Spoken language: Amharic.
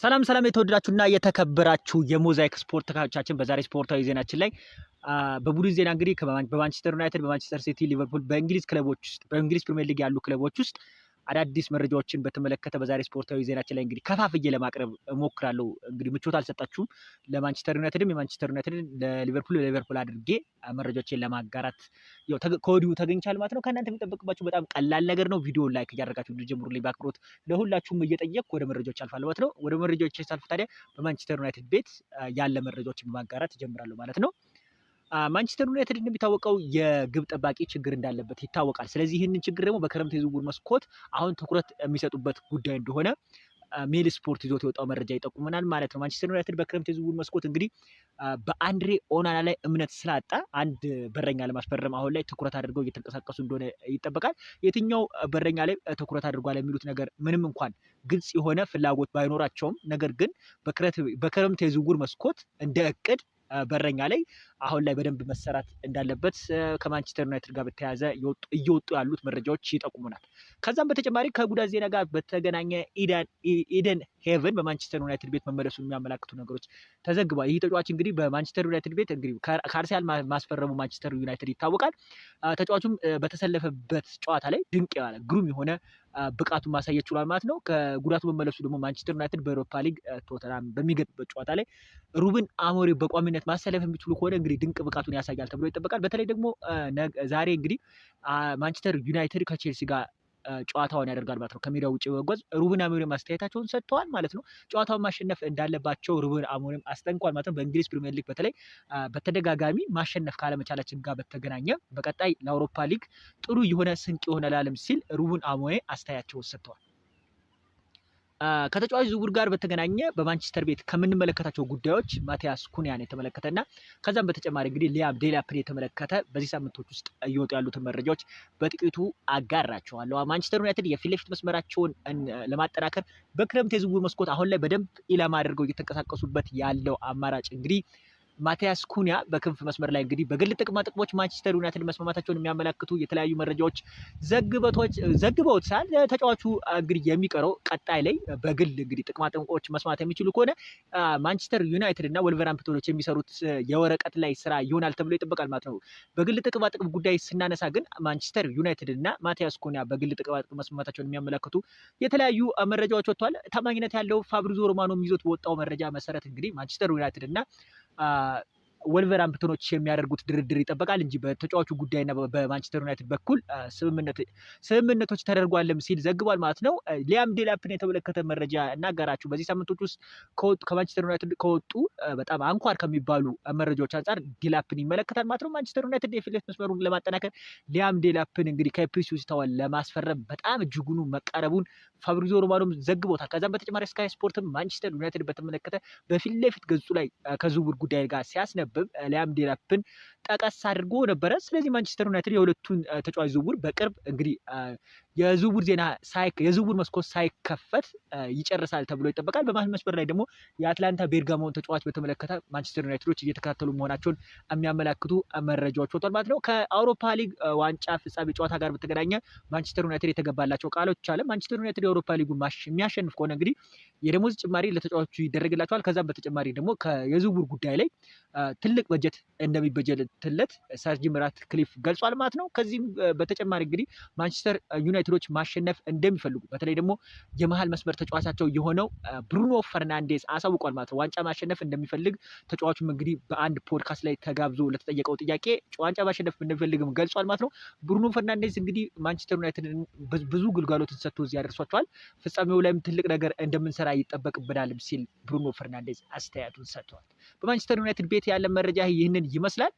ሰላም ሰላም የተወደዳችሁና የተከበራችሁ የሞዛይክ ስፖርት ተካቻችን በዛሬ ስፖርታዊ ዜናችን ላይ በቡድን ዜና እንግዲህ በማንቸስተር ዩናይትድ፣ በማንቸስተር ሲቲ፣ ሊቨርፑል በእንግሊዝ ክለቦች ውስጥ በእንግሊዝ ፕሪሚየር ሊግ ያሉ ክለቦች ውስጥ አዳዲስ መረጃዎችን በተመለከተ በዛሬ ስፖርታዊ ዜናችን ላይ እንግዲህ ከፋፍዬ ለማቅረብ እሞክራለሁ። እንግዲህ ምቾት አልሰጣችሁም። ለማንቸስተር ዩናይትድም የማንቸስተር ዩናይትድን፣ ለሊቨርፑል ለሊቨርፑል አድርጌ መረጃዎችን ለማጋራት ከወዲሁ ተገኝቻል ማለት ነው። ከእናንተ የሚጠበቅባችሁ በጣም ቀላል ነገር ነው። ቪዲዮ ላይክ እያደረጋችሁ ላይ በአክብሮት ለሁላችሁም እየጠየቅ ወደ መረጃዎች አልፋለሁ ማለት ነው። ወደ መረጃዎች ሳልፍ ታዲያ በማንቸስተር ዩናይትድ ቤት ያለ መረጃዎችን በማጋራት እጀምራለሁ ማለት ነው። ማንቸስተር ዩናይትድ እንደሚታወቀው የግብ ጠባቂ ችግር እንዳለበት ይታወቃል። ስለዚህ ይህንን ችግር ደግሞ በክረምት የዝውውር መስኮት አሁን ትኩረት የሚሰጡበት ጉዳይ እንደሆነ ሜል ስፖርት ይዞት የወጣው መረጃ ይጠቁመናል ማለት ነው። ማንቸስተር ዩናይትድ በክረምት የዝውውር መስኮት እንግዲህ በአንድሬ ኦናና ላይ እምነት ስላጣ አንድ በረኛ ለማስፈረም አሁን ላይ ትኩረት አድርገው እየተንቀሳቀሱ እንደሆነ ይጠበቃል። የትኛው በረኛ ላይ ትኩረት አድርጓል የሚሉት ነገር ምንም እንኳን ግልጽ የሆነ ፍላጎት ባይኖራቸውም፣ ነገር ግን በክረምት የዝውውር መስኮት እንደ እቅድ በረኛ ላይ አሁን ላይ በደንብ መሰራት እንዳለበት ከማንቸስተር ዩናይትድ ጋር በተያያዘ እየወጡ ያሉት መረጃዎች ይጠቁሙናል። ከዛም በተጨማሪ ከጉዳት ዜና ጋር በተገናኘ ኢደን ሄቨን በማንቸስተር ዩናይትድ ቤት መመለሱን የሚያመላክቱ ነገሮች ተዘግቧል። ይህ ተጫዋች እንግዲህ በማንቸስተር ዩናይትድ ቤት እንግዲህ ካርሲያል ማስፈረሙ ማንቸስተር ዩናይትድ ይታወቃል። ተጫዋቹም በተሰለፈበት ጨዋታ ላይ ድንቅ ያለ ግሩም የሆነ ብቃቱን ማሳየት ችሏል ማለት ነው። ከጉዳቱ መመለሱ ደግሞ ማንቸስተር ዩናይትድ በኤሮፓ ሊግ ቶተናም በሚገጥበት ጨዋታ ላይ ሩብን አሞሪ በቋሚነት በቀጣይነት ማሰለፍ የሚችሉ ከሆነ እንግዲህ ድንቅ ብቃቱን ያሳያል ተብሎ ይጠበቃል። በተለይ ደግሞ ዛሬ እንግዲህ ማንቸስተር ዩናይትድ ከቼልሲ ጋር ጨዋታውን ያደርጋል ማለት ነው። ከሜዳ ውጭ በመጓዝ ሩብን አሞሪም አስተያየታቸውን ሰጥተዋል ማለት ነው። ጨዋታውን ማሸነፍ እንዳለባቸው ሩብን አሞሪም አስጠንቋል ማለት ነው። በእንግሊዝ ፕሪሚየር ሊግ በተለይ በተደጋጋሚ ማሸነፍ ካለመቻላችን ጋር በተገናኘ በቀጣይ ለአውሮፓ ሊግ ጥሩ የሆነ ስንቅ ይሆናል ሲል ሩብን አሞሪም አስተያየታቸውን ሰጥተዋል። ከተጫዋች ዝውውር ጋር በተገናኘ በማንቸስተር ቤት ከምንመለከታቸው ጉዳዮች ማቲያስ ኩኒያን የተመለከተና ከዛም በተጨማሪ እንግዲህ ሊያም ዴላፕን የተመለከተ በዚህ ሳምንቶች ውስጥ እየወጡ ያሉትን መረጃዎች በጥቂቱ አጋራቸዋለሁ። ማንቸስተር ዩናይትድ የፊት ለፊት መስመራቸውን ለማጠናከር በክረምት የዝውውር መስኮት አሁን ላይ በደንብ ኢላማ አድርገው እየተንቀሳቀሱበት ያለው አማራጭ እንግዲህ ማቲያስ ኩኒያ በክንፍ መስመር ላይ እንግዲህ በግል ጥቅማ ጥቅሞች ማንቸስተር ዩናይትድ መስማማታቸውን የሚያመላክቱ የተለያዩ መረጃዎች ዘግበቶች ዘግበውት ሳል ተጫዋቹ እንግዲህ የሚቀረው ቀጣይ ላይ በግል እንግዲህ ጥቅማ ጥቅሞች መስማት የሚችሉ ከሆነ ማንቸስተር ዩናይትድ እና ወልቨርሃምፕቶኖች የሚሰሩት የወረቀት ላይ ስራ ይሆናል ተብሎ ይጠበቃል ማለት ነው። በግል ጥቅማ ጥቅም ጉዳይ ስናነሳ ግን ማንቸስተር ዩናይትድ እና ማቲያስ ኩኒያ በግል ጥቅማ ጥቅም መስማማታቸውን የሚያመላክቱ የተለያዩ መረጃዎች ወጥተዋል። ታማኝነት ያለው ፋብሪዞ ሮማኖ ይዞት በወጣው መረጃ መሰረት እንግዲህ ማንቸስተር ዩናይትድ እና 啊。ወልቨራምፕተኖች የሚያደርጉት ድርድር ይጠበቃል እንጂ በተጫዋቹ ጉዳይና በማንቸስተር ዩናይትድ በኩል ስምምነቶች ተደርጓልም ሲል ዘግቧል ማለት ነው። ሊያም ዴላፕን የተመለከተ መረጃ እናገራችሁ። በዚህ ሳምንቶች ውስጥ ከማንቸስተር ዩናይትድ ከወጡ በጣም አንኳር ከሚባሉ መረጃዎች አንጻር ዴላፕን ይመለከታል ማለት ነው። ማንቸስተር ዩናይትድ የፊት ለፊት መስመሩን ለማጠናከር ሊያም ዴላፕን እንግዲህ ከፒሲ ውስተዋል ለማስፈረም በጣም እጅጉኑ መቃረቡን ፋብሪዞ ሮማኖም ዘግቦታል። ከዛም በተጨማሪ ስካይ ስፖርትም ማንቸስተር ዩናይትድ በተመለከተ በፊት ለፊት ገጹ ላይ ከዝውውር ጉዳይ ጋር ሲያስነ ዲያብን ሊያም ዴላፕን ጠቀስ አድርጎ ነበረ። ስለዚህ ማንቸስተር ዩናይትድ የሁለቱን ተጫዋች ዝውውር በቅርብ እንግዲህ የዝውውር ዜና የዝውውር መስኮት ሳይከፈት ይጨርሳል ተብሎ ይጠበቃል። በመሀል መስመር ላይ ደግሞ የአትላንታ ቤርጋማውን ተጫዋች በተመለከተ ማንቸስተር ዩናይትዶች እየተከታተሉ መሆናቸውን የሚያመላክቱ መረጃዎች ወጥቷል ማለት ነው። ከአውሮፓ ሊግ ዋንጫ ፍጻሜ ጨዋታ ጋር በተገናኘ ማንቸስተር ዩናይትድ የተገባላቸው ቃሎች አለ። ማንቸስተር ዩናይትድ የአውሮፓ ሊጉ የሚያሸንፍ ከሆነ እንግዲህ የደሞዝ ጭማሪ ለተጫዋቹ ይደረግላቸዋል። ከዛም በተጨማሪ ደግሞ የዝውውር ጉዳይ ላይ ትልቅ በጀት እንደሚበጀትለት ሰር ጂም ራትክሊፍ ገልጿል ማለት ነው። ከዚህም በተጨማሪ እንግዲህ ማንቸስተር ዩናይትድ ዩናይትዶች ማሸነፍ እንደሚፈልጉ በተለይ ደግሞ የመሀል መስመር ተጫዋቻቸው የሆነው ብሩኖ ፈርናንዴዝ አሳውቋል ማለት ነው። ዋንጫ ማሸነፍ እንደሚፈልግ ተጫዋቹም እንግዲህ በአንድ ፖድካስት ላይ ተጋብዞ ለተጠየቀው ጥያቄ ዋንጫ ማሸነፍ እንደሚፈልግም ገልጿል ማለት ነው። ብሩኖ ፈርናንዴዝ እንግዲህ ማንቸስተር ዩናይትድ ብዙ ግልጋሎትን ሰጥቶ እዚህ ያደርሷቸዋል። ፍጻሜው ላይም ትልቅ ነገር እንደምንሰራ ይጠበቅብናልም ሲል ብሩኖ ፈርናንዴዝ አስተያየቱን ሰጥተዋል። በማንቸስተር ዩናይትድ ቤት ያለ መረጃ ይህንን ይመስላል።